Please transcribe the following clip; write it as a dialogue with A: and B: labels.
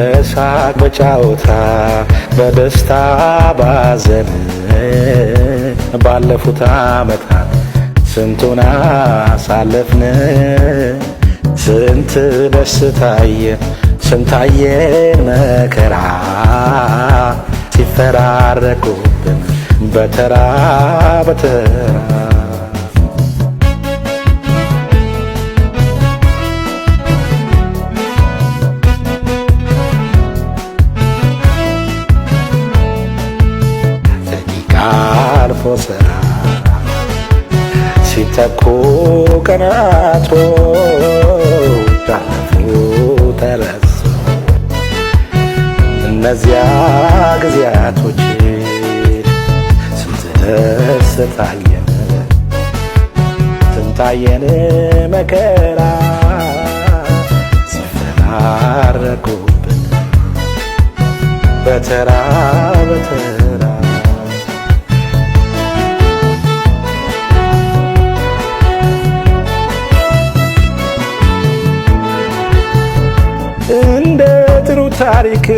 A: በሳቅ በጫወታ በደስታ ባዘን ባለፉት ዓመታት ስንቱን አሳለፍን። ስንት ደስታየን ስንታየን መከራ ሲፈራረቁብን በተራ በተራ ስራ ሲተኩ ቀናቶ ዳለፉ ተረሱ እነዚያ ጊዜያቶች ስንት ስታየን ስንታየን መከራ ሲፈራረቁብን በተራ በተራ እንደ ጥሩ ታሪክ